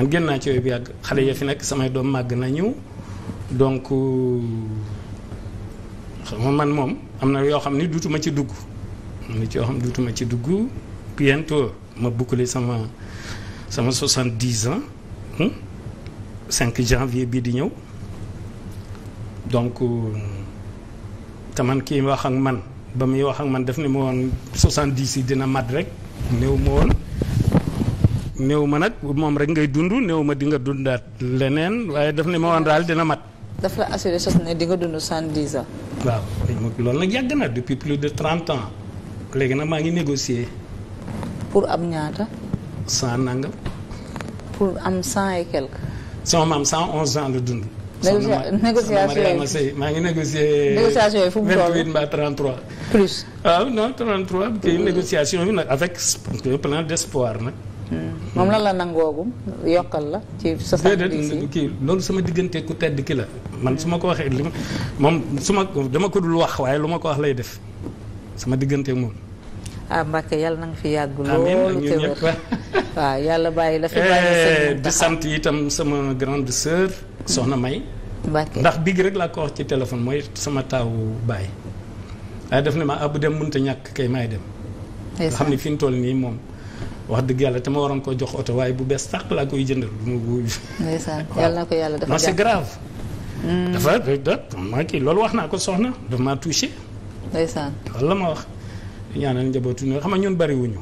man génn naa ci yooyu bu yàgg xale ya fi nekk samay doom màgg nañu donc xam man moom am na yoo xam ni duutuma ci dugg am na ci yoo xam duutuma ci dugg bientôt ma boucler sama sama 70 ans 5 hmm? janvier bii di ñëw donc te man kii wax ak man ba muy wax ak man def ne ma woon 70 yi dina mat rek néew ma woon. néew ma nag moom rek ngay dund néew ma dinga nga dundaat leneen waaye daf ne ma woon daal dina mat. daf la assuré sax ne di nga dund cent dix ans. waaw loolu nag yàgg na depuis plus de trente ans léegi nag maa ngi négocier. pour am ñaata. cent nangam. pour am cent et quelque. sama maam onze ans la dund. négociation yi maa ngi négocier. négociation yi fu mu toll 28 mbaa 33. plus waaw ah, non 33. kii négociation yi nag avec le d'espoir nag. Hmm. moom lan la nangoogum yokkal la ci. déedéet kii loolu sama diggante ku tedd ki la. man su ma ko waxee li moom su ma dama ko dul wax waaye lu ma ko wax lay def sama diggante moom. ah Mbacke yàlla na nga yàgg loolu te yàlla bàyyi la fi bàyyi eh, di sant itam sama grande sœur soxna May. Mbacke ndax big rek laa ko wax ci téléphone mooy sama taawu baay. waaye daf ne ma ah bu dem mënut a ñàkk kay may dem. nga xam ne fi mu nii moom. wax dëgg yàlla te ma waroon koo jox oto waaye bu bees sàq laa koy jëndal bu ma wuyu. ndeysaan yàlla na ko yàlla hmm. dafa c'est grave. dafa da ma kii loolu wax naa ko soxna daf maa touché. ndeysaan loolu la ma wax ñaanal njabootu ñoom xam na ñun bariwuñu